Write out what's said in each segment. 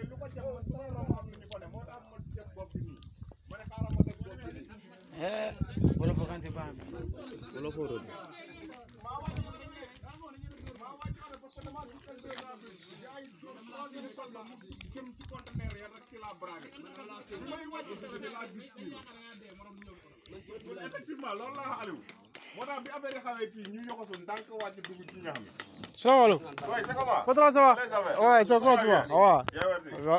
ne lu ko jàpp man su ma moo tax bi affaire yi xawee kii ñu yokk suñu tànk wàcc dugg ci ñax mi. salaamaaleykum. oui c'est comment. patron ça va. oui c'est comment tu vas. waaw. merci. oui ça va.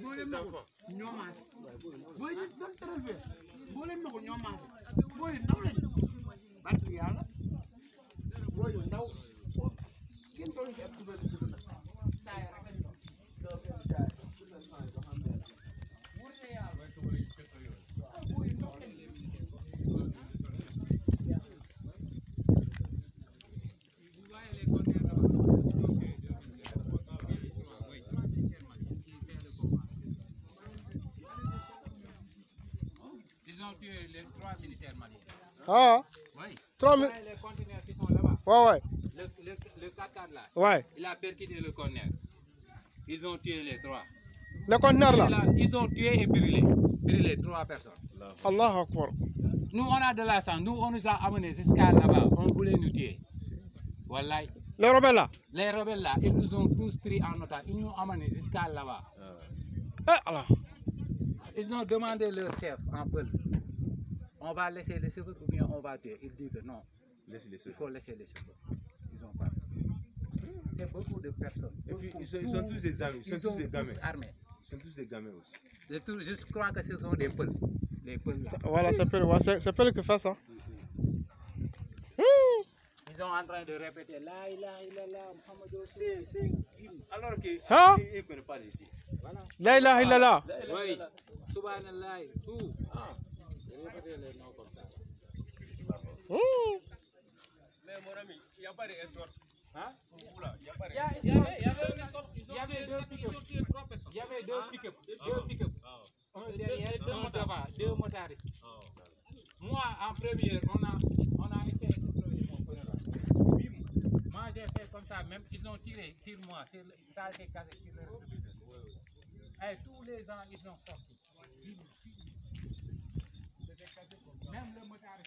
boo leen naxul ñoo maase booy yi ah. doon tëral fee boo leen naxul ñoo maase booy yu ndaw lañ barke yàlla booy yu ndaw kenn solo ci ak tubal Ils ont tué les trois militaires maliens. Ah Oui. Trois Les conteneurs qui sont là-bas. Ouais, ouais. Le, le, le là. Oui. Il a percuté le conteneur. Ils ont tué les trois. Le conteneur là. Ils ont tué et brûlé. Brûlé trois personnes. Allah Akbar. Nous, on a de la sang. Nous, on nous a amenés jusqu'à là-bas. On voulait nous tuer. Voilà. Les rebelles là Les rebelles là, ils nous ont tous pris en otage. Ils nous ont amenés jusqu'à là-bas. Ah. Ils ont demandé le chef en peuple on va laisser les cheveux ou bien on va dire, Ils disent que non, il faut laisser les cheveux. Ils ont pas. C'est beaucoup de personnes. Et puis, ils, sont, tous des amis. Ils sont, tous des gamins. Ils sont tous des gamins aussi. Je, crois que ce sont des peuples. Les voilà, ça peut, ça, ça hein. Ils sont en train de répéter la ilaha illallah, là, Si, si. Alors qu'ils ne connaissent pas les dire. Laïla, La ilaha là. Oui. Subhanallah. Ah. Mais mon ami, il n'y a pas d'escorte. Hein? Il y avait, il y a une escorte. Ils Il y avait deux pick-up. Deux pick-up. Il y avait deux motards, deux motards. Moi, en première, on a, on a été Moi, j'ai fait comme ça. Même ils ont tiré sur moi. Sur, ça a été cassé sur le Et eh, tous les ans, ils ont sorti. 能不能么加的？